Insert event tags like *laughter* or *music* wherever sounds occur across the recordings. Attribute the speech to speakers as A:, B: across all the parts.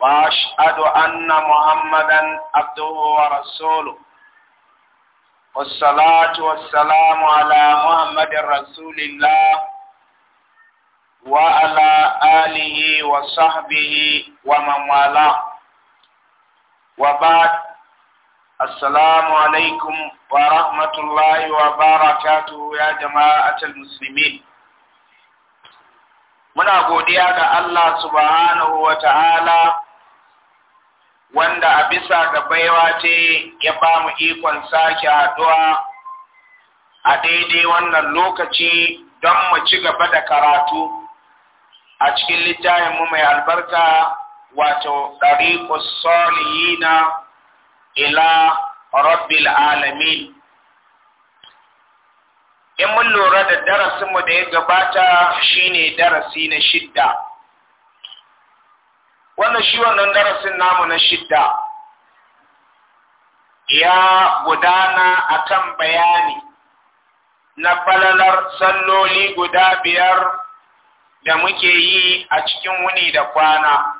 A: وأشهد أن محمدا عبده ورسوله والصلاة والسلام على محمد رسول الله وعلى آله وصحبه ومن والاه وبعد السلام عليكم ورحمة الله وبركاته يا جماعة المسلمين muna godiya ga Allah subhanahu wa ta'ala wanda a bisa ga baiwa ce ya ba mu ikon sake haduwa a daidai wannan lokaci don mu ci gaba da karatu a cikin littafinmu mai albarka wato ɗariƙus soliyina ila rabbil alamin in mun lura da darasinmu da ya gabata shine darasi na shidda wannan shi wannan darasin namu na shidda ya gudana akan bayani na falalar salloli guda biyar da muke yi a cikin wuni da kwana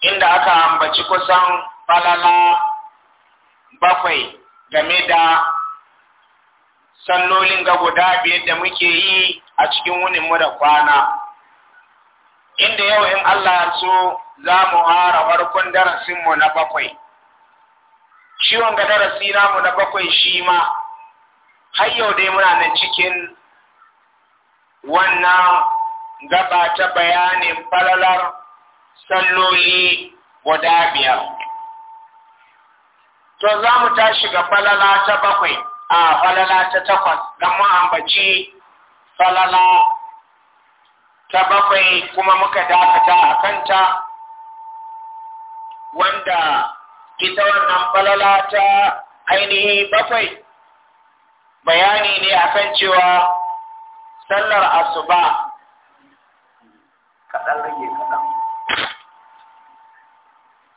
A: inda aka ambaci kusan falala bakwai game da sallolin ga guda biyar da muke yi a cikin wunin mu da kwana inda yau in Allah ya so za mu hara farkon darasin mu na bakwai Ciwon wanga darasi mu na bakwai shi ma har yau dai muna nan cikin wannan gaba ta bayanin falalar salloli guda biyar to za mu tashi ga falala ta bakwai a falala ta takwas don ma'ambaci falala ta bakwai kuma muka dakata a kanta wanda ita wannan falala ta ainihi bakwai bayani ne a kan cewa sallar asuba kaɗan rage kaɗan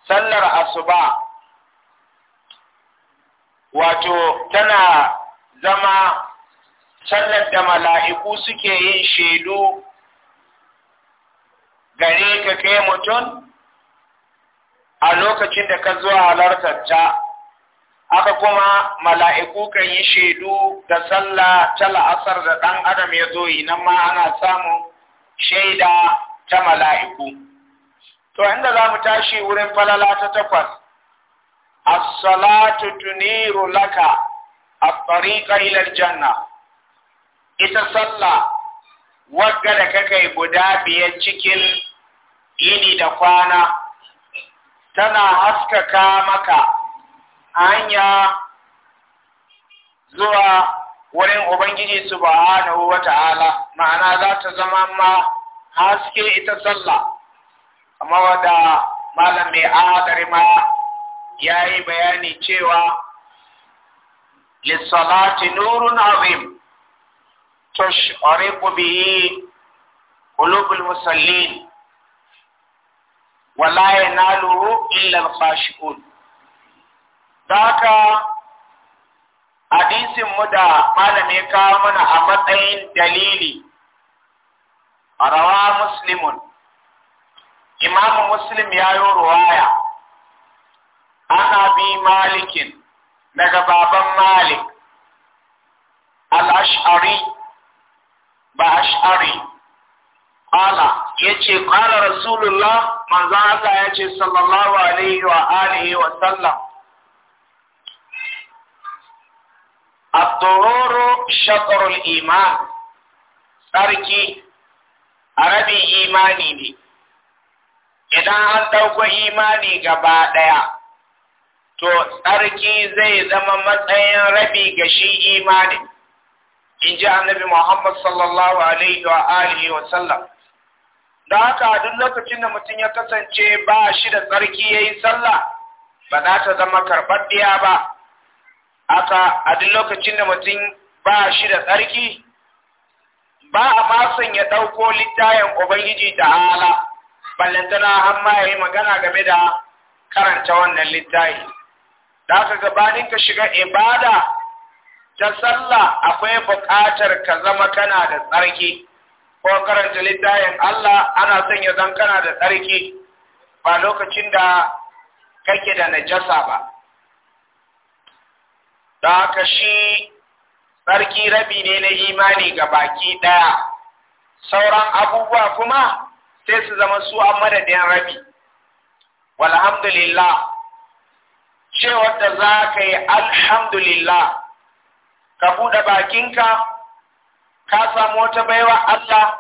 A: sallar asuba wato tana zama sannan da mala'iku suke yin shaidu gare ka kai mutum a lokacin da ka zuwa ta, aka kuma mala'iku kan yi shaidu da sallah ta la'asar da ɗan adam ya zo yi nan ma ana samun shaida ta mala'iku to inda za mu tashi wurin falala ta takwas as-salatu tuniru laka at-tariqa ila al-janna ita sallah wagga da kakai guda biyar cikin ini da kwana tana haskaka maka hanya zuwa wurin Ubangiji subhanahu wa ta'ala ma'ana za ta zama ma haske ita sallah, amma wadda malam mai adari ma ya yi bayani cewa lissalati nurun azim tushriqu bihi qulubul musallin wala yanaluhu illa al-khashi'un daka hadisin mu da malami kawo mana a matsayin dalili rawa muslimun imamu muslim ya yi ruwaya abi malikin daga baban malik al-ash'ari ba ash'ari ala yace qala rasulullah manzo Allah yace sallallahu alaihi wa alihi wa sallam at-tururu shatrul iman sarki arabi imani ne idan an dauko imani gaba daya to tsarki zai zama matsayin rabi ga shi imani in ji annabi Muhammad sallallahu alaihi wa alihi wa sallam da haka duk lokacin da mutum ya kasance ba shi da tsarki ya yi sallah ba za ta zama karɓaɗɗiya ba aka a duk lokacin da mutum ba shi da tsarki ba a masan ya ɗauko littayen ubangiji da hala ballantana har ma ya yi magana game da karanta wannan littayi da aka gabanin ka shiga ibada ta sallah akwai buƙatar ka zama kana da tsarki ko karanta littafin Allah ana son ya zama kana da tsarki ba lokacin da kake da najasa ba da ka shi tsarki rabi ne na imani ga baki ɗaya sauran abubuwa kuma sai su zama su an madadin rabi walhamdulillah cewar da za ka yi alhamdulillah ka buɗe bakinka ka samu wata baiwa Allah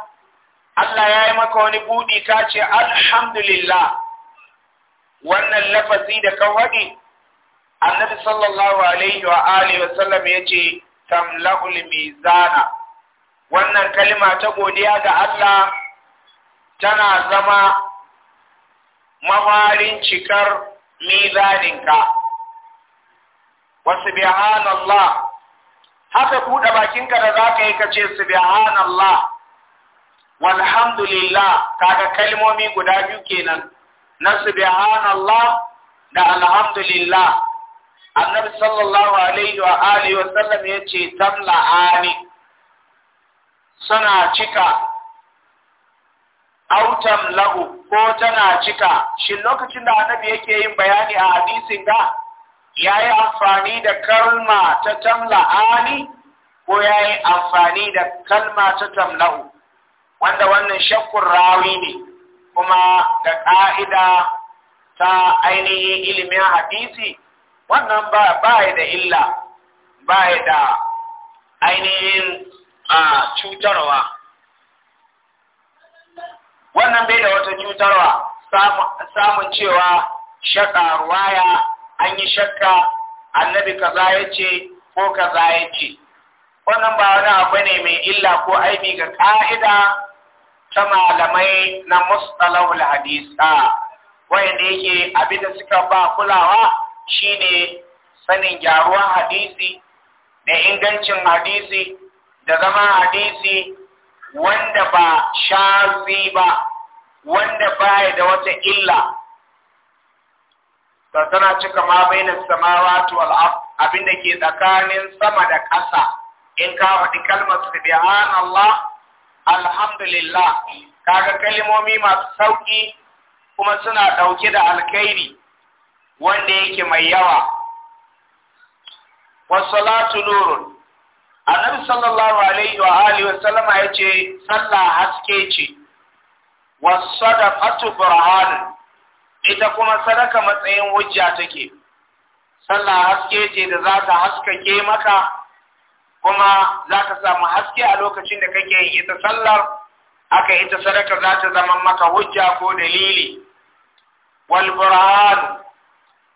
A: Allah ya yi maka wani buɗi ka ce alhamdulillah wannan lafazi da ka faɗi annabi sallallahu alaihi wa alihi wa sallam ya ce tamla'ul mizana wannan kalima ta godiya ga Allah tana zama mawarin cikar mizaninka wa haka buɗe bakinka da za ka yi ka ce subhanallah walhamdulillah kaga kalmomi guda biyu kenan na subhanallah da alhamdulillah annabi sallallahu alaihi wa alihi wa sallam yace tamla'ani suna cika autam lahu ko tana cika shin lokacin da annabi yake yin bayani a hadisin da ya yi amfani da kalma ta tamla-ani, ko ya yi amfani da kalma ta tamla'u wanda wannan shakkun rawi ne kuma da ƙa'ida ta ainihin ilimin hadisi wannan ba ya da illa ba ya da ainihin cutarwa wannan bai da wata cutarwa samun cewa shaƙa ya an yi shakka annabi kaza ya ce ko kaza ya ce wannan ba wani abu ne mai illa ko aibi ga ka'ida ta malamai na mustalahul hadisa wanda yake abin da suka ba kulawa shine sanin gyaruwar hadisi da ingancin hadisi da zama hadisi wanda ba shazi ba wanda baya da wata illa ba tana cika ma bainas samawati wal ard abin da ke tsakanin sama da ƙasa in ka faɗi kalmar Allah alhamdulillah kaga kalmomi masu sauƙi kuma suna ɗauke da alkhairi wanda yake mai yawa wasalatu nurun annabi sallallahu alaihi wa alihi wa sallama yace sallah haske ce wasadaqatu burhan ita kuma sadaka matsayin hujja take sallah haske ce da za ta haskake maka kuma za ka samu haske a lokacin da kake yin ita sallar aka ita sadaka za ta zama maka hujja ko dalili wal burhan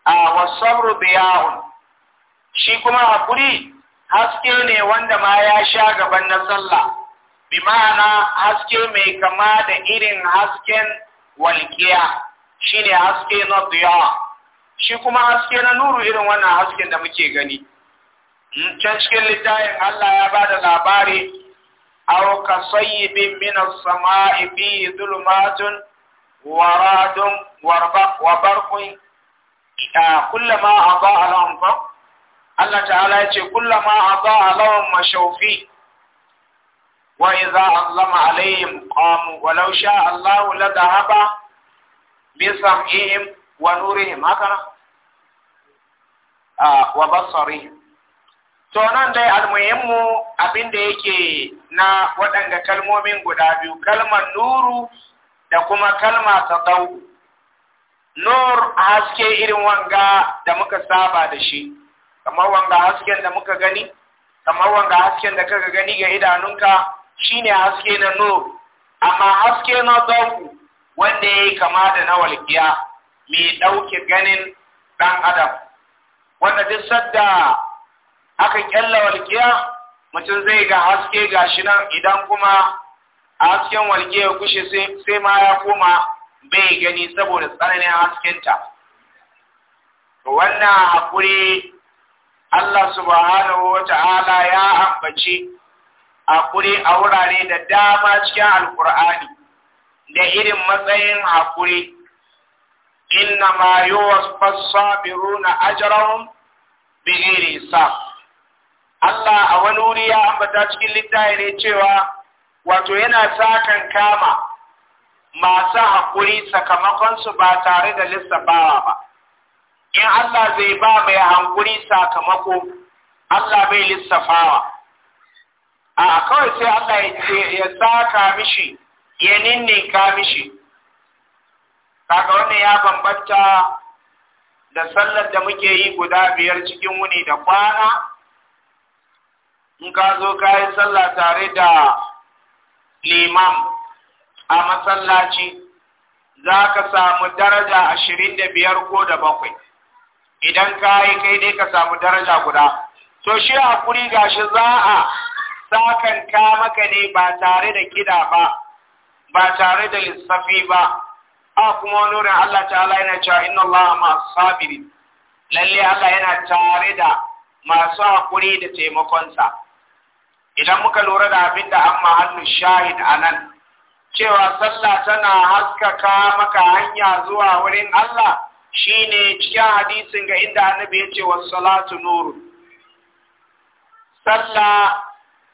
A: a wasabru biya'un shi kuma hakuri haske ne wanda ma ya sha gaban na sallah bi ma'ana haske mai kama da irin hasken walkiya shine haske na diyawa. shi kuma haske na nuru irin wannan hasken da muke gani hmm, can cikin littafin Allah ya ba da labari aw ka sayyibin min as-sama'i fi dhulumatun wa radun wa barqun kullama adaa lahum Allah ta'ala ya ce kullama adaa lahum mashawfi wa idza allama alaihim qamu walau sha Allahu la dhahaba بسمعهم ونورهم هكذا آه وبصرهم to nan dai almuhimmu abin da yake na waɗanda kalmomin guda biyu kalmar nuru da kuma kalma ta tsau nur haske irin wanga da muka saba da shi kamar wanga hasken da muka gani kamar wanga hasken da kaka gani ga idanunka shine haske na nur amma haske na tsau wanda ya yi kama da na walƙiya mai ɗauke ganin ɗan adam wanda duk sadda aka ƙyalla walƙiya mutum zai ga haske ga shi nan idan kuma a hasken walƙiya ya kushe sai ma ya koma bai gani saboda tsananin haskenta wannan haƙuri Allah subhanahu wa ta'ala ya ambaci haƙuri a wurare da dama cikin alƙur'ani da irin matsayin haƙuri inna ma yi wasu sabiruna ajrahum bi iri sa Allah a wani wuri ya ambata cikin littafi ne cewa wato yana sakan kama masu haƙuri sakamakonsu ba tare da lissafawa ba in Allah zai ba mai haƙuri sakamako Allah bai lissafawa a kawai sai Allah ya saka mishi ne ka mishi kaga wannan ya bambanta da sallar da muke yi guda biyar cikin wuni da kwana in ka zo ka yi sallah tare da limam a masallaci za ka samu daraja ashirin da biyar ko da bakwai idan ka yi kai dai ka samu daraja guda to shi hakuri gashi za a sakan ka maka ne ba tare da kida ba ba tare da lissafi ba a kuma wani wurin Allah ta'ala yana cewa inna Allah masu sabiri lalle Allah yana tare da masu hakuri da taimakonsa idan muka lura da abin da amma hannu shahid nan. cewa sallah tana haskaka maka hanya zuwa wurin Allah shine cikin hadisin ga inda annabi ya ce wasu salatu nuru sallah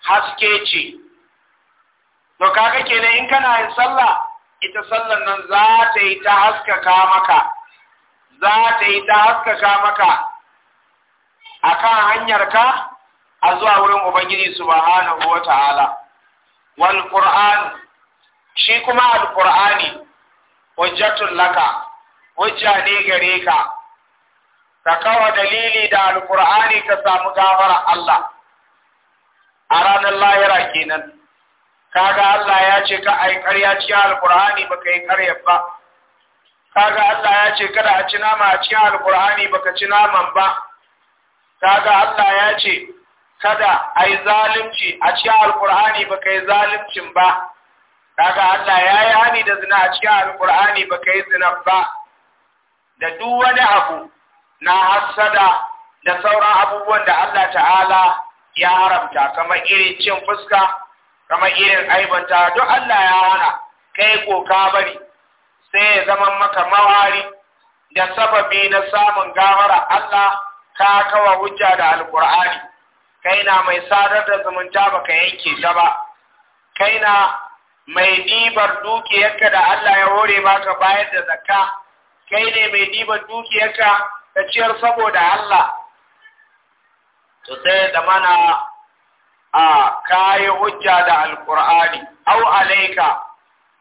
A: haske ce to kaga kenan in kana yin sallah ita sallan nan za ta yi ta haskaka maka za ta yi ta haskaka maka akan ka a zuwa wurin ubangiji subhanahu wata'ala wal qur'an shi kuma al qur'ani hujjatun laka hujja ne gare ka ka kawo dalili da alkur'ani ka samu gafara Allah a ranar lahira kenan kaga Allah ya ce ka ai ƙarya cikin Alƙur'ani baka yi ƙarya ba kaga Allah ya ce kada a ci nama a cikin Alƙur'ani baka ci naman ba kaga Allah ya ce kada ai zalunci a cikin Alƙur'ani baka yi zaluncin ba kaga Allah ya yi hani da zina a cikin Alƙur'ani baka yi zina ba da duk wani abu na hassada da sauran abubuwan da Allah ta'ala ya haramta kamar irin cin fuska Kama irin aibanta duk Allah ya hana kai ko ka bari sai ya zama maka mawari da sababi na samun gafara Allah ka kawa hujja da alkur'ani kai na mai sadar da zumunta baka yanke ta ba kai na mai dibar dukiyarka da Allah ya hore maka bayar da zakka kai ne mai dibar dukiyarka da ciyar saboda Allah to sai mana. a kayi hujja da alkur'ani au alaika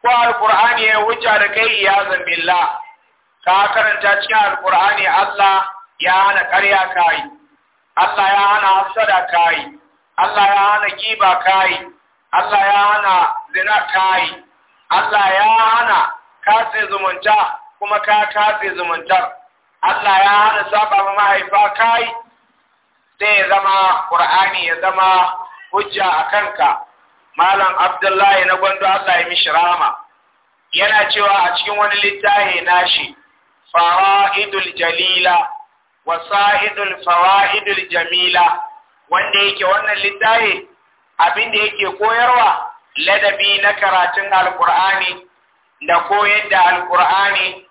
A: ko alkur'ani ya hujja da kai ya zambilla ka karanta cikin alkur'ani Allah ya hana ƙarya kai Allah ya hana hasada kai Allah ya hana kiba kai Allah ya hana zina kai Allah ya hana katse zumunta kuma ka katse zumuntar Allah ya hana saba mahaifa kai sai zama Qur'ani ya zama hujja a kanka malam abdullahi na gwando a ya mishi rama yana cewa a cikin wani littafi nashi fawa'idul jalila wa sa'idul fara'idul jamila wanda yake wannan littafi abin da yake koyarwa ladabi na karatun alkur'ani da koyar da alkur'ani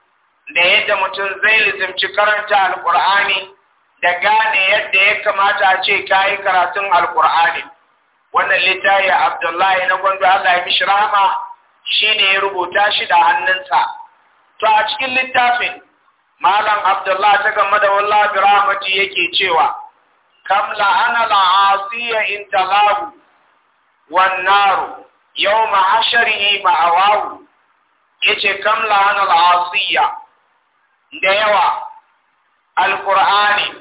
A: da yadda mutum zai lizimci karanta alkur'ani da gane yadda ya kamata a ce kayi karatun alkur'ani wannan littafi abdullahi na gwanzo allah ya mishi rahama shi ne ya rubuta shi da hannunsa to a cikin littafin malam abdullahi ta gama da wallahi rahmati yake cewa kam la'ana la'asiya in talahu wan naru yawma hasharihi Ya yace kam la'ana la'asiya da yawa alqur'ani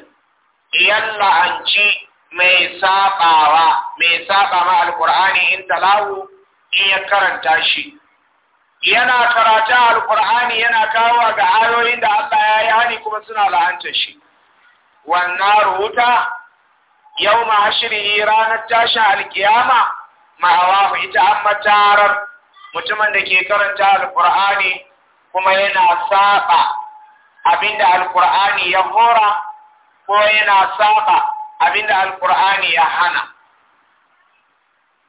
A: yalla anci mai sabawa mai saba ma Alƙur'ani in talahu in ya karanta shi
B: yana karata Alƙur'ani yana kawo ga ayoyin da Allah ya yi hani
A: kuma suna la'anta shi wannan ruta ma shiri ranar tashin alkiyama ma'awahu ita an matarar mutumin da ke karanta alkur'ani kuma yana saɓa. abinda alkur'ani ya hora ko yana saɓa? abinda alkur'ani ya hana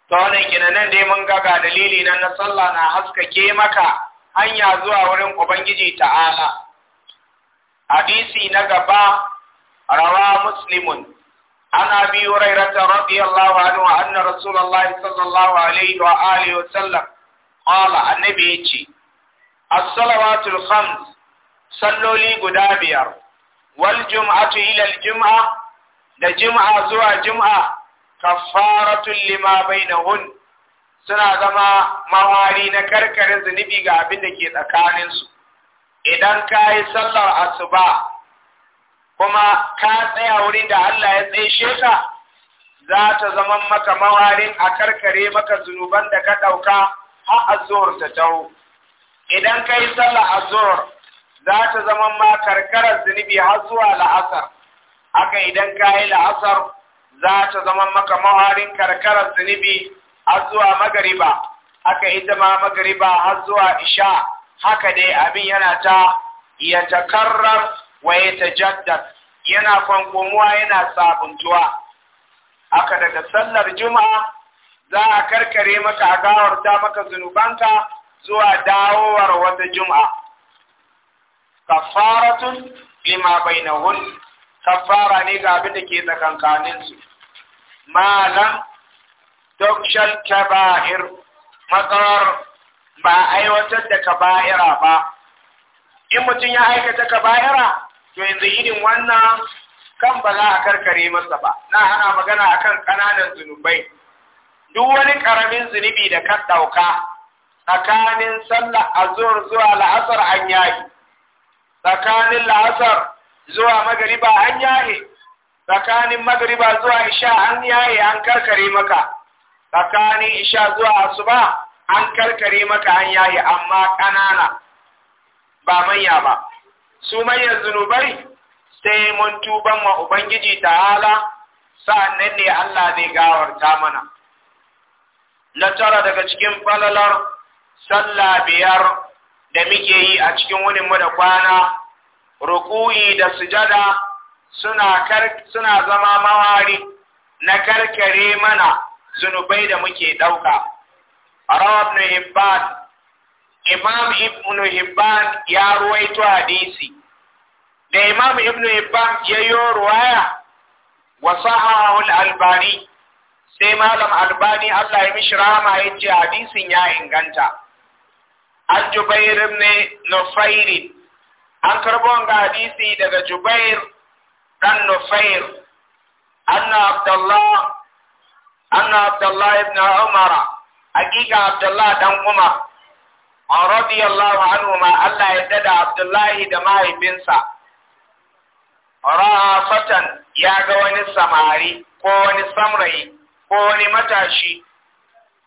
A: tsawon ikina nan dai mun gaga dalili nan na sallah na haska ke maka hanya zuwa wurin ubangiji ta'ala hadisi na gaba rawa muslimun ana biyu rai rata rabi Allah wa anuwa anna rasulallah sallallahu alaihi wa alihi wa sallam kwala annabi ya ce as-salawatul khams salloli guda biyar wal jum'atu ila al-jum'a da jim'a zuwa jim'a kafaratun lima bainahun suna zama mawari na karkarin zunubi ga abin da ke tsakaninsu idan ka yi sallar asuba kuma ka tsaya wurin da Allah ya tsaye ka za ta zama maka mawarin a karkare maka zunuban da ka ɗauka har azur ta taho idan ka yi sallar azur za ta zama ma karkarar zunubi har zuwa la'asar aka idan ka yi la'asar za ta zama maka maharin karkarar zunubi har zuwa magariba aka ita ma magariba har zuwa isha haka dai abin yana ta ya karar wa ya tajaddad yana kwankomuwa yana sabuntuwa Haka daga sallar juma'a za a karkare maka a gawarta maka zunubanka zuwa dawowar wata juma'a kafaratun lima bainahun kafara ne ga abin da ke tsakankanin su malam dokshal kaba'ir matsalar ba aiwatar da kaba'ira ba in mutum ya aikata kaba'ira to yanzu irin wannan kan ba za a karkare masa ba na hana magana a kan ƙananan zunubai duk wani ƙaramin zunubi da ka ɗauka tsakanin sallah azur zuwa la'asar an yayi tsakanin la'asar zuwa magariba an yahe tsakanin magariba zuwa isha an yahe an karkare maka tsakanin isha zuwa asuba an karkare maka an yahe amma ƙanana ba manya ba su manyan zunubai sai mun tuban wa ubangiji ta'ala sa'annan ne Allah zai gawarta mana na tara daga cikin falalar sallah biyar da muke yi a cikin wani mu da kwana ruku'i da sujada suna suna zama mawari na karkare mana zunubai da muke ɗauka. Rawab na Hibban, Imam Ibn Hibban ya ruwaito hadisi, da Imam Ibn Hibban ya yi ruwaya wa al albani, sai Malam albani Allah ya mishi rahama ya ce hadisin ya inganta. al Jubair ibn Nufairin an karɓo ga hadisi daga Jubair dan Nufair anna Abdullah anna Abdullah ibn Umar hakika Abdullah dan Umar radiyallahu anhu ma Allah ya dada Abdullah da mahaifinsa ra'a ya ga wani samari ko wani samrai ko wani matashi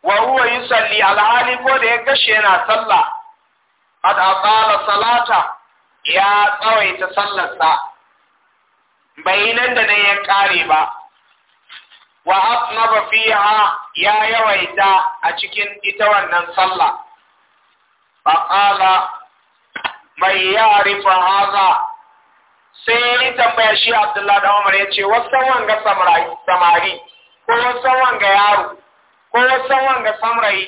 A: wa huwa yusalli alhali ko da ya kashe yana sallah qad aqala salata ya tsawaita sallarsa bai nan da nan ya kare ba wa asnaba fiha ya yawaita a cikin ita wannan sallah faqala mai ya'rifu hadha sai yi tambaya shi Abdullahi da Umar yace wasan wanga samari ko wasan wanga yaro ko wasan wanga samrai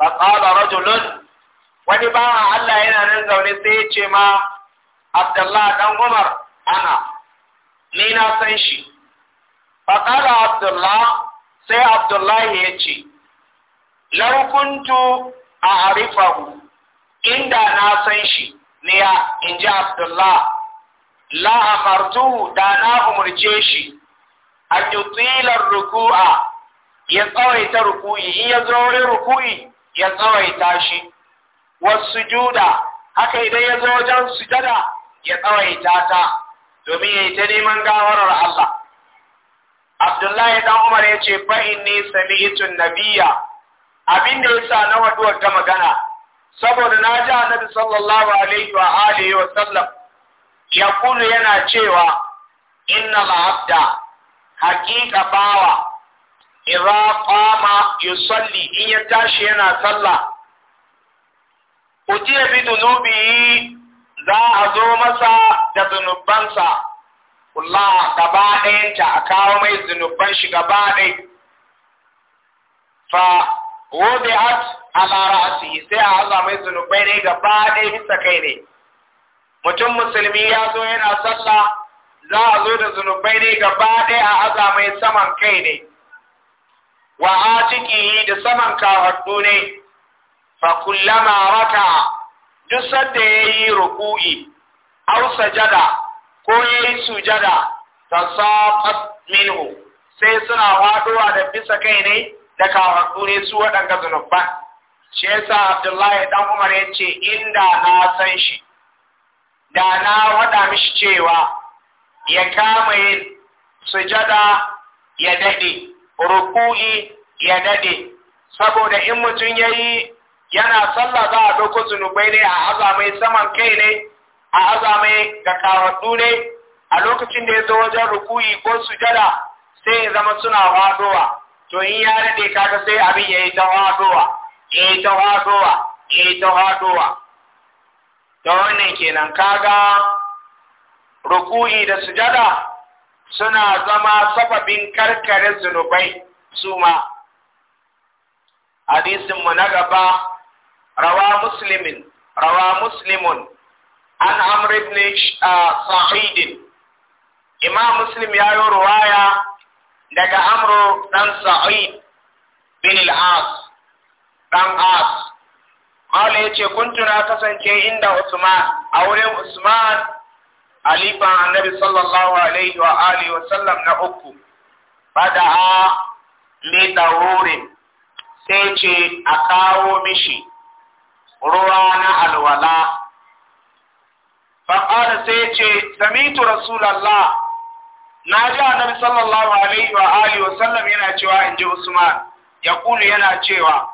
A: faqala rajulun wani ba Allah yana nan zaune sai ya ce ma Abdullah dan Umar ana ni na san shi faqala Abdullah sai Abdullah ya ce law kuntu a'rifahu inda na san shi ne ya ji Abdullah la amartu da na umurce shi A yutila ruku'a ya tsawaita ruku'i in ya zo ruku'i ya tsawaita shi wasu juda haka idan ya zo wajen sujada ya tsawaita ta domin ya yi ta neman gawarar Allah. Abdullahi dan Umar ya ce fa inni sami'tu nabiyya abin da sa na waduwar ta magana saboda na ji annabi sallallahu alaihi wa alihi wa sallam ya kulu yana cewa inna ma'abda hakika bawa idza qama yusalli in ya tashi yana sallah ujiye bi dunubi za a zo masa da zunubansa kullaha gaba ɗayanta a kawo mai zunuban shi gaba ɗai fa wode a ala ra'asi sai a haza mai zunubai ne gaba ɗai bisa kai ne mutum musulmi ya zo yana sallah za a zo da zunubai ne gaba ɗaya a haza mai saman kai ne wa a ciki da saman kawaddu ne fa raka duk sanda yi ruku'i aw sajada ko ya yi sujada saqat minhu sai suna faduwa da bisa kai ne da kawarku ne su waɗanda zunuban shi yasa Abdullahi dan Umar ya ce inda na san shi da na waɗa mishi cewa ya kama yin sujada ya dade ruku'i ya dade saboda in mutum yayi yana sallah za a ɗauko zunubai ne a azamai saman kai ne a azamai ga karatu ne a lokacin da ya zo wajen rukuyi ko sujada sai ya zama suna hadowa to in ya daɗe kaga sai abin ya yi ta hadowa ya yi ta hadowa ya yi ta hadowa da wannan kenan kaga rukuyi da sujada suna zama sababin karkare zunubai su ma hadisinmu na gaba rawa muslimin rawa muslimun an amr ibn sa'id imam muslim ya yi ruwaya daga amru dan sa'id bin al-as dan as
B: qala yace kuntu
A: na kasance inda usman a wurin usman alifan annabi sallallahu alaihi wa alihi wa sallam na uku bada li dawurin sai ce a kawo mishi ruwa na alwala faƙada sai ce samitu rasulallah na ji annabi sallallahu alaihi wa alihi wa sallam yana cewa in ji usman ya kulu yana cewa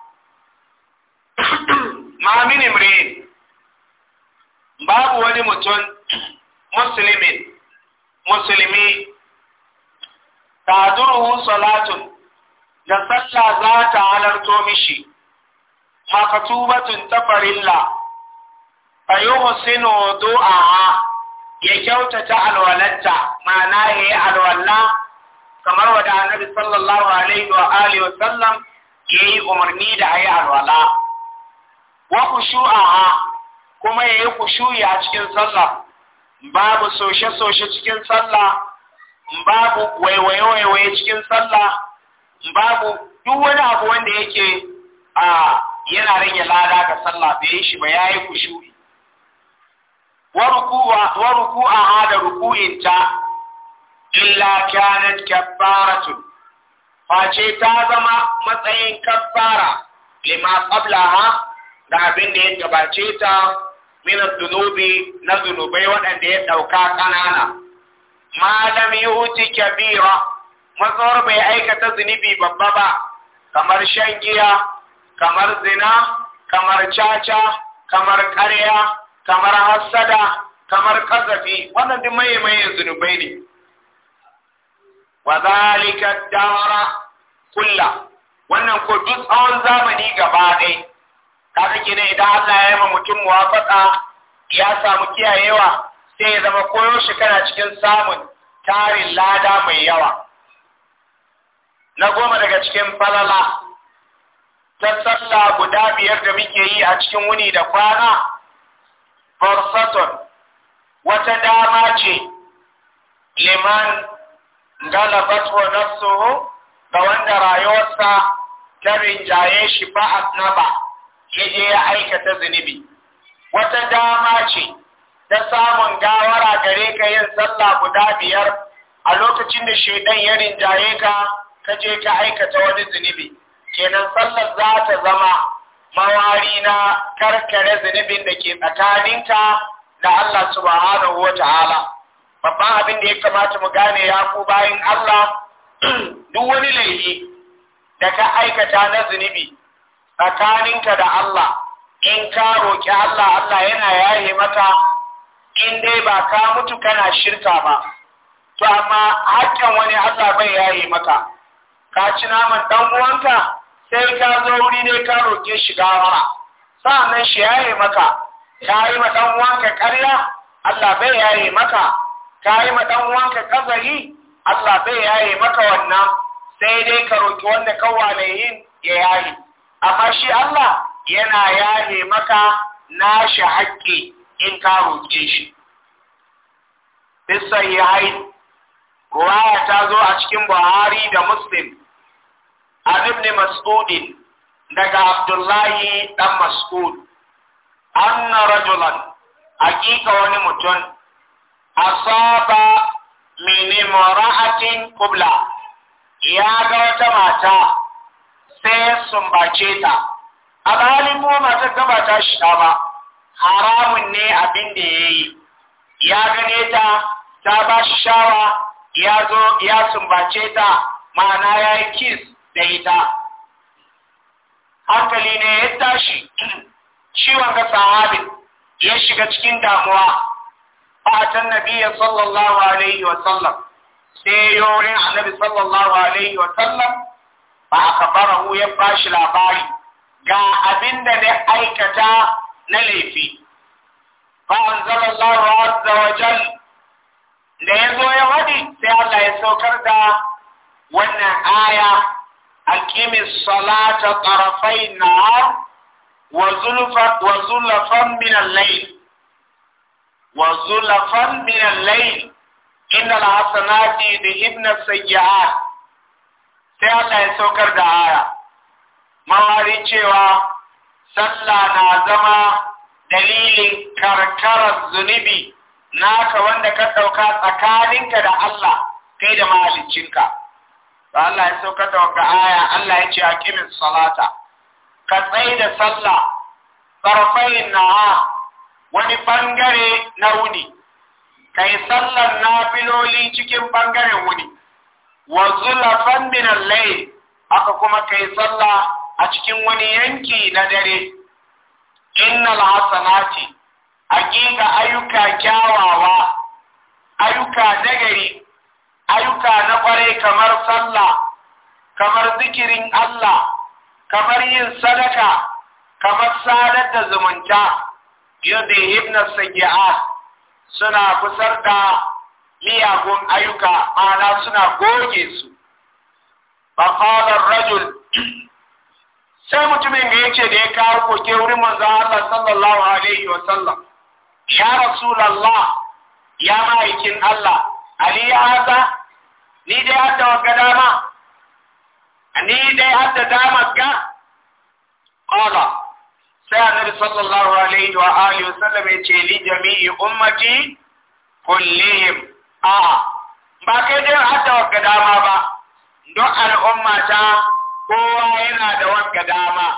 A: ma min imrin babu wani mutum musulmin musulmi taduruhu Salatu da sallah za ta halarto mishi makatubatun ta farilla fa yuhsinu du'a ya kyautata alwalatta ma'ana yayi alwala. kamar wada annabi sallallahu alaihi wa alihi wa sallam yi umarni da ayi alwala wa a kuma yayi khushu'i a cikin sallah babu soshe-soshe cikin sallah babu waiwaye-waiwaye cikin sallah babu duk wani abu wanda yake a ah, yana rage lada ga sallah bai shi ba yayi kushuri wa ruku'a wa ruku'a hada ruku'in ta illa kanat kabbaratu face ta zama matsayin kaffara lima qablaha da abin da ya gabace ta min zunubi na zunubai waɗanda ya ɗauka ƙanana ma lam yuti kabira matsawar bai aikata zunubi babba ba kamar shan giya kamar zina kamar caca kamar karya, kamar hassada kamar kazafi wannan duk maye-maye zunubai ne Wazalika kulla wannan ko duk tsawon zamani gaba ɗaya kaga ne idan Allah ya yi ma mutum muwafaqa ya samu kiyayewa sai ya zama koyo shi kana cikin samun tarin lada mai yawa na goma daga cikin falala ta sallah guda biyar da muke yi a cikin wuni da kwana Farsaton wata dama ce liman galabat na ga wanda rayuwarsa ta rinjaye shi ba na ba yaje ya aikata zunubi wata dama ce ta samun gawara gare ka yin sallah guda biyar a lokacin da shaidan ya rinjaye ka ka je ka aikata wani zunubi kenan sallar za ta zama mawari na karkare zunubin da ke tsakaninta da Allah subhanahu wa ta'ala babban abin da ya kamata mu gane ya ku bayan Allah *clears throat* duk wani laifi da ka aikata na zunubi tsakaninka da Allah in ka roƙi Allah Allah yana yaye mata in dai ba ka mutu kana shirka ba to amma haƙƙin wani Allah bai yaye maka ka ci naman ɗan uwanka sai ka zo wuri ne ka roƙe shi gawara nan shi yaye maka ka yi ma ɗan wanka ƙarya Allah bai yaye maka ka yi ma ɗan wanka kazari Allah bai yaye maka wannan sai dai ka roƙi wanda kawale yin ya yaye amma shi Allah yana yaye maka nashi haƙƙi in ka roƙe shi ya haini ruwaya ta zo a cikin buhari da muslim an ibn mas'ud daga abdullahi dan mas'ud anna rajulan hakika wani mutum asaba min imra'atin qubla ya ga wata mata sai sumbace ta a halin ko mata gaba ta shi ba haramun ne abinda da yayi ya gane ta ta ba shi shawa ya zo ya sumbace ta ma'ana ya yi kiss da ita hankali ne ya tashi *clears throat* ciwon ga sahabin ya shiga cikin damuwa fatan nabiya sallallahu alaihi wa sallam sai yorin annabi sallallahu alaihi wa sallam ba aka farahu ya bashi labari ga abin da na aikata na laifi ba an zama Allah azza da ya zo ya wadi sai Allah ya saukar da wannan aya aqimis salata tarafai na wazulafan zulfan wa zulfan min al-layl wa sai Allah ya saukar da aya mawari cewa sallah na zama dalilin karkarar zunubi naka wanda ka ɗauka tsakaninka da Allah kai da mahaliccinka. da Allah ya saukar da wanga aya Allah ya ce kimin salata ka tsaye da sallah na na'a wani bangare na wuni kai sallar na nafiloli cikin bangaren wuni wa zula Lai, lai aka kuma kai sallah a cikin wani yanki na dare Inna innal hasanati aqiqa ayyuka kyawawa ayyuka nagari ayyuka na ƙware kamar sallah kamar zikirin Allah kamar yin sadaka kamar sadar da zumunta yadda ibn sayi'at suna kusar da miyagun ayyuka ma'ana suna goge su faqala rajul sai mutumin da yake da ya kawo koke wurin manzo Allah sallallahu alaihi wa sallam ya rasulullah ya ma'aikin Allah ali ya haka ni dai hata wa dama ni dai hata dama ga qala sai annabi sallallahu alaihi wa alihi wasallam ya ce li jami'i ummati kullihim a ba kai dai hata wa dama ba don al'umma ta kowa yana da wa dama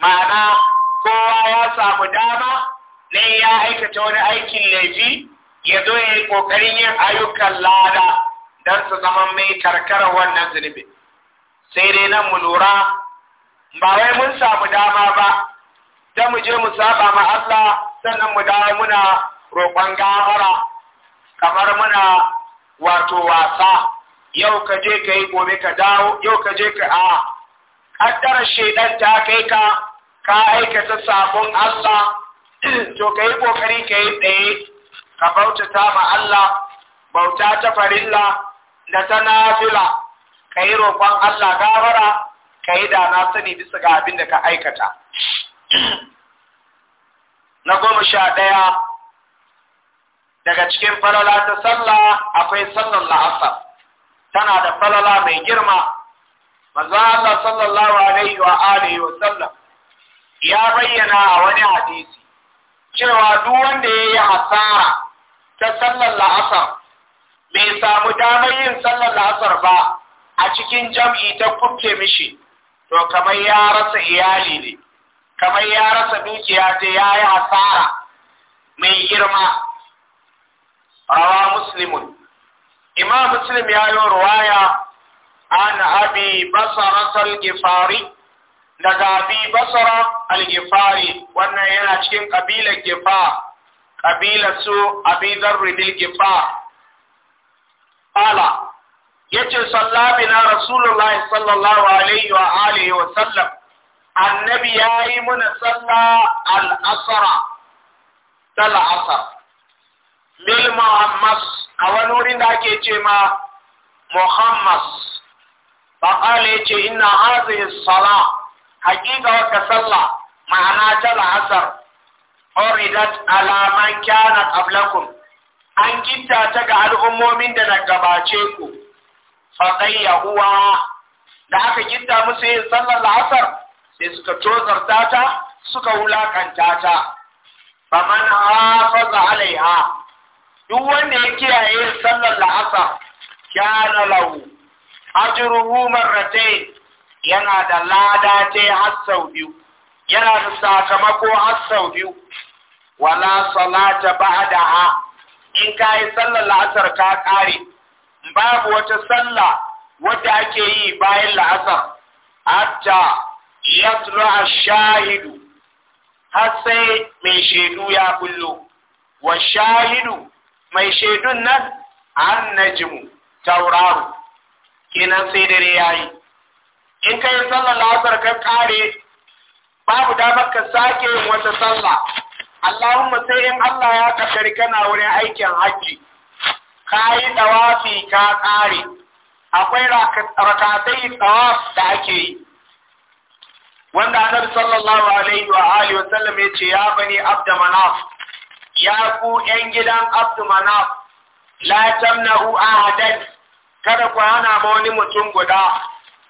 A: ma'ana kowa ya samu dama ne ya aikata wani aikin laifi ya zo ya yi ƙoƙarin yin ayyukan lada don su zama mai karkara wannan zunubi sai dai nan mu lura ba wai mun samu dama ba ta mu je mu saba ma Allah sannan mu dawo muna roƙon gafara kamar muna wato wasa yau ka je ka yi gobe ka dawo yau ka je ka a ƙaddara shaidan ta kai ka ka aikata sabon Allah *clears throat* to ka yi ƙoƙari ka yi tsaye ka bautata ma Allah bauta ta farilla da ta nafila ka yi roƙon Allah gafara ka yi da na sani bisa ga abin da ka aikata na goma sha ɗaya daga cikin falala ta sallah akwai sallar la'asar tana da falala mai girma manzo Allah sallallahu alaihi wa alihi wa sallam
B: ya bayyana a wani hadisi cewa duk wanda ya yi hasara
A: ta sallar la'asar bai samu damar yin sallar la'asar ba a cikin jam'i ta kubce mishi to kamar ya rasa iyali ne kamar ya rasa dukiya ta ya yi hasara mai girma rawa muslimun imam muslim ya yi ruwaya an abi basara al-gifari daga abi basara al-gifari wannan yana cikin kabilar gifari ƙabilar su abidar ridil gifa ala ya ce sallabina rasulullahi sallallahu alaihi wa alihi wa sallam annabi ya yi muna salla al'asara ta la'asar mil muhammas a wani wurin da ake ce ma muhammas faƙala ya ce ina hazihi sala hakika wata salla ma'ana ta la'asar oridat alaman kyana ƙablakun, an gitta ta ga al'ummomin da na gabace ku uwa. da aka gitta musu yin sallar la'asar sai suka tozarta ta suka wulaƙanta ta faman hafaza alaiha duk wanda ya kiyaye sallar la'asar kana lahu rumar marratayn yana da lada ta har sau biyu yana da sakamako har sau biyu wala salata ba'daha in kai sallar la'asar ka kare babu wata sallah wanda ake yi bayan la'asar hatta yatra ash-shahidu har sai mai shaidu ya kullo wa shahidu mai shaidun nan an najmu tauraro kenan sai dare yayi in kai sallar la'asar ka kare babu damar ka sake yin wata sallah Allahumma sai in Allah ya kashari kana wurin aikin hajji ka yi tsawafi ka ƙare akwai rakatai tsawaf da ake yi wanda annabi sallallahu alaihi wa alihi wa sallam yace ya bani abd manaf ya ku yan gidan Abdu manaf la a ahadan kada ku hana ma wani mutum guda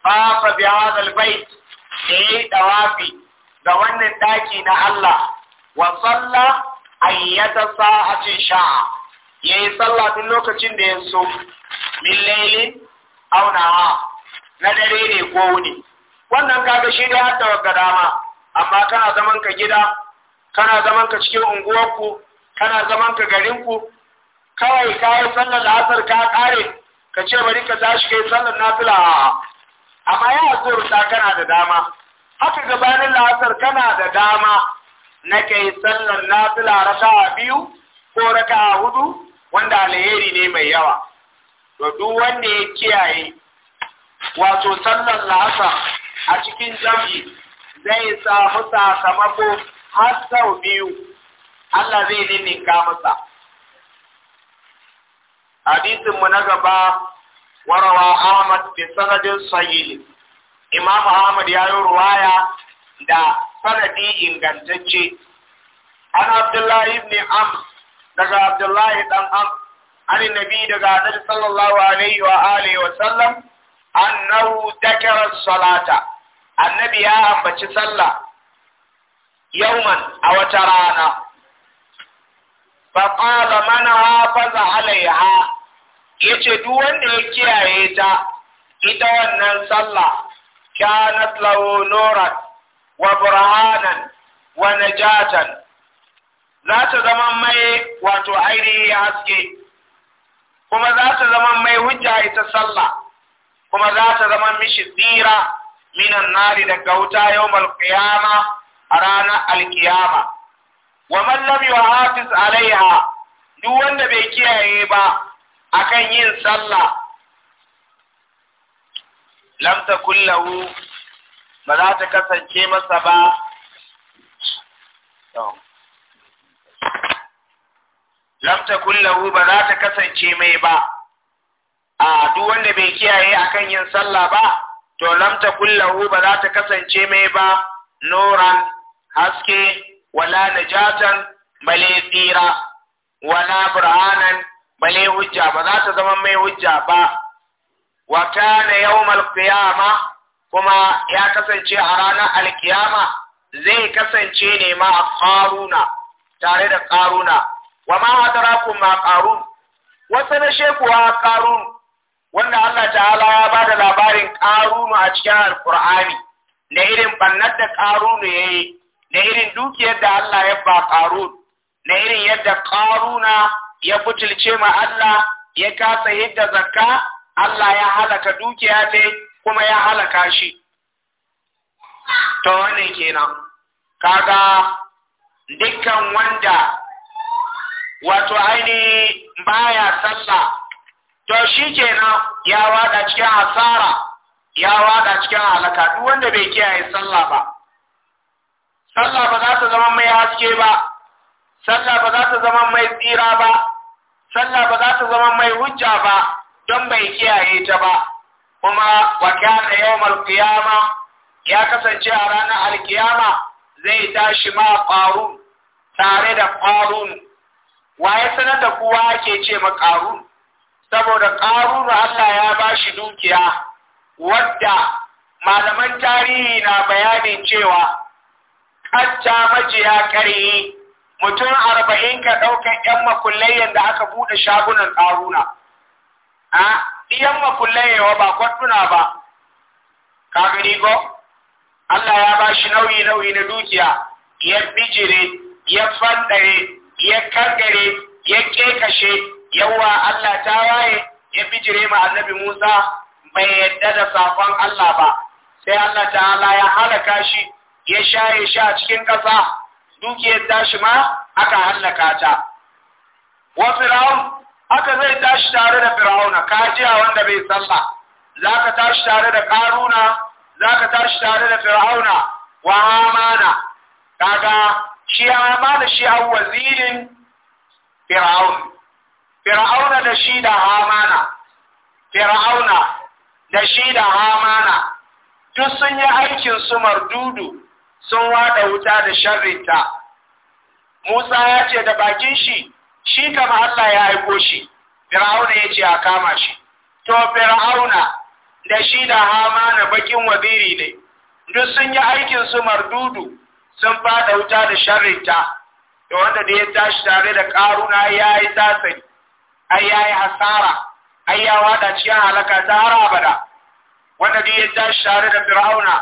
A: fa fa bi hadal bait yi dawafi ga wannan daki na Allah wa salla ayyata sa'atin sha yayi sallah duk lokacin da ya so min laili aw na dare ne ko wuni wannan kaga shi da hatta wa dama amma kana zaman ka gida kana zaman ka cikin unguwarku kana zaman ka ku. kawai kayan sallar asar ka kare ka ce bari ka tashi kai sallar nafila amma ya zuwa kana da dama haka gabanin la'asar kana da dama nake sallar nafila raka biyu ko raka hudu wanda alheri ne mai yawa to duk wanda ya kiyaye wato sallar la'asa a cikin jam'i zai samu sakamako har sau biyu Allah zai ninninka masa hadisin mu na gaba warawa Ahmad bin sanadin sahih Imam Ahmad ya yi ruwaya da sanadi ingantacce an abdullahi ibn am daga abdullahi dan am an nabi daga annabi sallallahu alaihi wa alihi wa sallam annahu dakara salata annabi ya ambaci sallah yauman a wata rana faƙala mana hafaza alaiha ya ce duk wanda ya kiyaye ta ita wannan sallah kyanat lahu nuran wa burhanan wa najatan za ta zama mai wato ainihi haske kuma za ta zama mai hujja ita sallah kuma za ta zama mishi tsira minan nari daga wuta yawmal qiyama a ranar alkiyama wa man lam yuhafiz alaiha duk wanda bai kiyaye ba akan yin sallah lam takun lahu ba za ta kasance masa ba lamta kullahu ba za ta kasance mai ba a duk wanda bai kiyaye akan yin sallah ba to lamta kullahu ba za ta kasance mai ba noran haske wala najatan bale tsira wala burhanan bale hujja ba za ta zama mai hujja ba wa kana yawmal qiyamah kuma ya kasance a ranar alkiyama zai kasance ne ma a ƙaruna tare da ƙaruna wa ma hadara ma ƙarun wasu na shekuwa ƙarun wanda Allah ta'ala ya ba da labarin ƙarunu a cikin alkur'ani Na irin bannar da ƙarunu ya yi na irin dukiyar da Allah ya ba ƙarun na irin yadda ƙaruna ya butulce ma Allah ya kasa yadda zakka Allah ya halaka dukiya yi. kuma ya halaka shi ta wannan kenan kaga dukkan wanda wato ainihi baya sallah to shi kenan ya wada cikin asara, ya wada cikin halaka duk wanda bai kiyaye sallah ba sallah ba za ta zama mai haske ba sallah ba za ta zama mai tsira ba sallah ba za ta zama mai hujja ba don bai kiyaye ta ba kuma wa kana yawmal qiyama ya kasance a ranar alkiyama zai tashi ma qarun tare da qarun wa ya sanar da kowa ke ce ma qarun saboda qarun Allah ya bashi dukiya wadda malaman tarihi na bayanin cewa kacca majiya ƙarye mutum arba'in ka ɗaukan 'yan makullayyan da aka buɗe shagunan ƙaruna. Ah, ɗiyan makullayewa ba kwattuna ba ka gani ko Allah ya ba shi nauyi nauyi na dukiya ya bijire ya fanɗare ya kangare ya kekashe yawa Allah ta waye ya bijire ma annabi Musa bai yadda da safon Allah ba sai Allah ta'ala ya halaka shi ya shaye shi a cikin ƙasa dukiyar tashi ma aka halaka ta wa fir'aun haka zai tashi tare da fir'auna kajiya wanda bai Za ka tashi tare da karuna ka tashi tare da fir'auna wa amana kaga shi amana shi a wazirin fir'aun fir'auna da shi da amana fir'auna da shi da amana duk sun yi aikin su mardudu sun wada wuta da sharrinta Musa ya ce da bakin shi shi kama Allah ya aiko shi Fir'auna ya ce a kama shi to Fir'auna da shi da Hamana bakin waziri ne duk sun yi aikin su mardudu sun fada wuta da sharrita, da wanda da ya tashi tare da karuna ya yi tasiri
B: ai ya yi hasara ai ya wada cikin halaka ta
A: har abada wanda da ya tashi tare da Fir'auna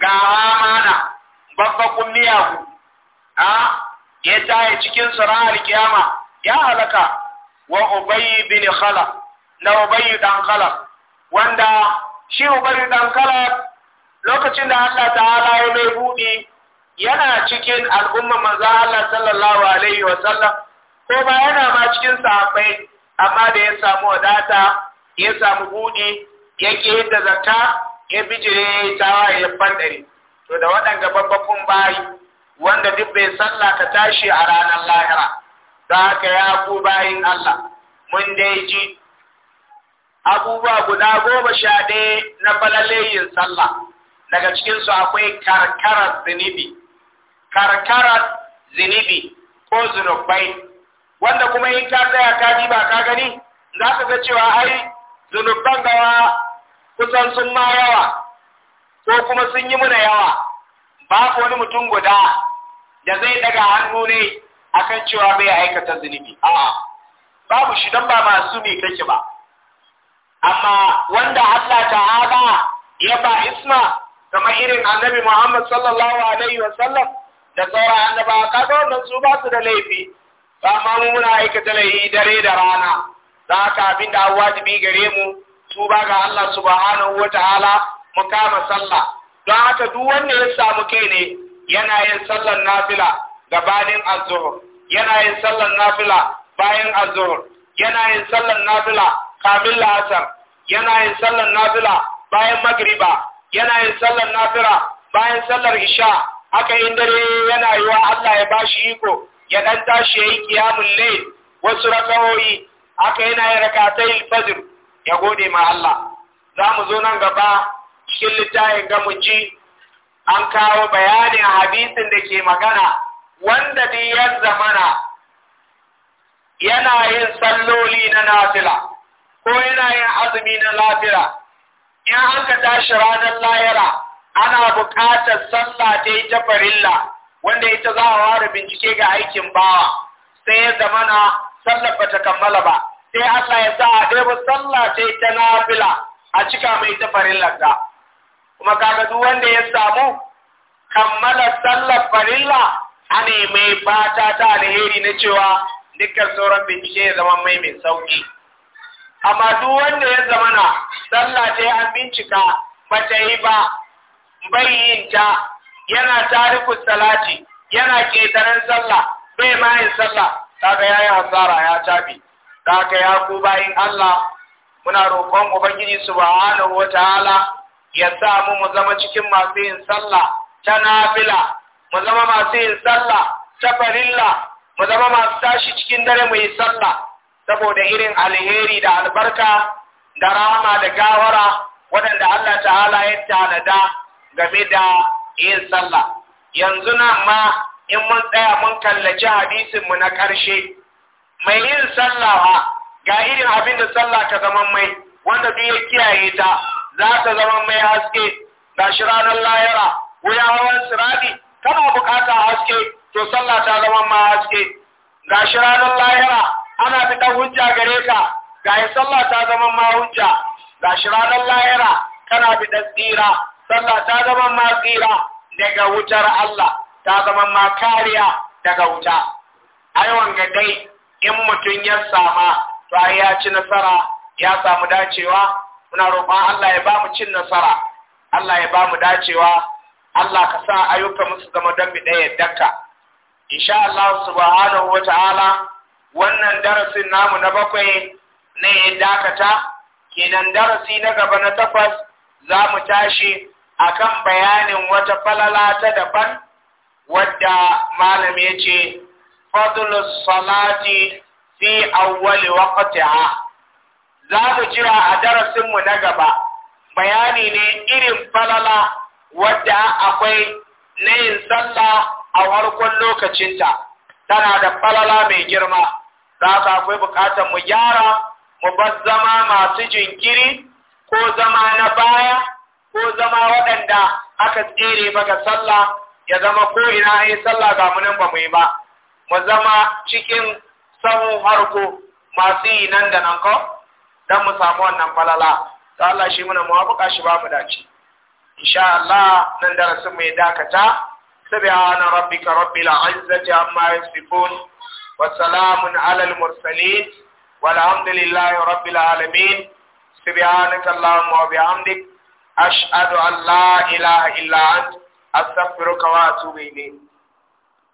A: ga Hama babba kun miyagu a ah, ya taye cikin sirahar kiyama ya halaka wa ubayy bin khala na ubayy dan khala wanda shi ubayy dan khala lokacin da Allah ta'ala ya mai budi yana cikin al'umma manzo Allah sallallahu alaihi wa sallam ko ba yana ma cikin sahabbai amma da ya samu wadata ya samu budi ya ke da zakka ya bijire tawa ya fandare to da waɗanda babban bayi wanda duk bai sallah ka tashi a ranar lahira da haka ya ku bayin Allah mun dai ji abubuwa guda goma sha ɗaya na falalayin sallah daga cikinsu akwai karkarar zinibi karkarar zinibi ko zunubai wanda kuma in ka tsaya ka ba ka gani za ka ga cewa ai zunuban gawa kusan sun ma yawa ko kuma sun yi muna yawa babu wani mutum guda da zai daga hannu ne akan cewa bai aikata zunubi a'a babu shi don ba masu ne kake ba amma wanda Allah ta'ala ya ba isma kamar irin annabi Muhammad sallallahu alaihi wa sallam da sauran annaba kaga wannan su ba su da laifi ma mu muna aikata laifi dare da rana za ka abin da wajibi gare mu tuba ga Allah subhanahu wa ta'ala mu kama sallah don haka duk wanda ya samu kai ne yana yin sallar nafila gabanin azzuhur yana yin sallar nafila bayan azzuhur yana yin sallar nafila kamin la'asar yana yin sallar nafila bayan magriba yana yin sallar nafila bayan sallar isha haka in dare yana yi wa Allah ya bashi iko ya dan tashi yayi qiyamul layl wasu rakawoyi haka yana yin rakatai fajr ya gode ma Allah za mu zo nan gaba cikin littafin ga mun an kawo bayanin hadisin da ke magana wanda diyar zamana
B: yana yin salloli na nafila
A: ko yana yin azumi na nafila
B: in aka tashi ranar layara ana buƙatar sallah ta yi ta farilla wanda ita za a ware bincike ga aikin
A: bawa sai ya zamana sallar ba ta kammala ba sai Allah ya sa a ɗaya sallah ta yi ta nafila a cika mai ta farillar kuma kaga duk wanda ya samu kammala sallar farilla ane mai fata ta alheri na cewa dukkan sauran bincike ya zama mai mai sauki amma duk wanda ya zama na sallah ta an bincika bata yi ba bai yin ta yana tariku salati yana ketaren sallah bai ma yin sallah kaga yayi hasara ya tabi kaga ya ku bayin Allah muna roƙon ubangiji subhanahu ta'ala ya sa mu mu zama cikin masu yin sallah ta nafila mu zama masu yin sallah ta farilla mu zama masu tashi cikin dare mu yi sallah saboda irin alheri da albarka da rahama da gawara waɗanda Allah ta'ala ya tanada game da yin sallah yanzu nan ma in mun tsaya mun kallaci hadisin mu na ƙarshe mai yin sallah ga irin abin da sallah ka zama mai wanda duk ya kiyaye ta za ta zama mai haske ga shi ranar layara wuya hawan siradi kana bukata haske to sallah ta zama ma haske
B: ga shi ranar layara ana fitar hujja gare ka
A: ga sallah ta zama ma hujja ga shi ranar layara kana fitar tsira sallah ta zama ma tsira daga wutar Allah ta zama ma kariya daga wuta aiwan ga dai in mutum ya sama to ya ci nasara ya samu dacewa muna roƙon Allah ya ba mu cin nasara Allah ya ba mu dacewa Allah ka sa ayyukan musu zama don mu ɗaya daka insha Allah subhanahu wa ta'ala wannan darasin namu na bakwai ne ya dakata kenan darasi na gaba na takwas za mu tashi a kan bayanin wata falala ta daban wadda malam ya ce fadlus salati fi awwali waqtiha za mu jira a darasinmu na gaba bayani ne irin falala wadda akwai na yin sallah a farkon lokacinta tana da falala mai girma za ka akwai bukatar mu gyara mu bar zama masu jinkiri ko zama na baya ko zama waɗanda aka tsere ga sallah ya zama ko ina yi sallah ga munin ba mu yi ba mu zama cikin sahun harko masu yi nan da nan ko dan mu samu wannan falala to Allah shi muna muwafaqa shi ba mu dace insha Allah nan darasin mai dakata subhana rabbika rabbil izzati amma yasifun wa salamun alal mursalin walhamdulillahi rabbil alamin subhanaka allahumma wa bihamdik ashhadu an la ilaha illa anta astaghfiruka wa atubu ilayk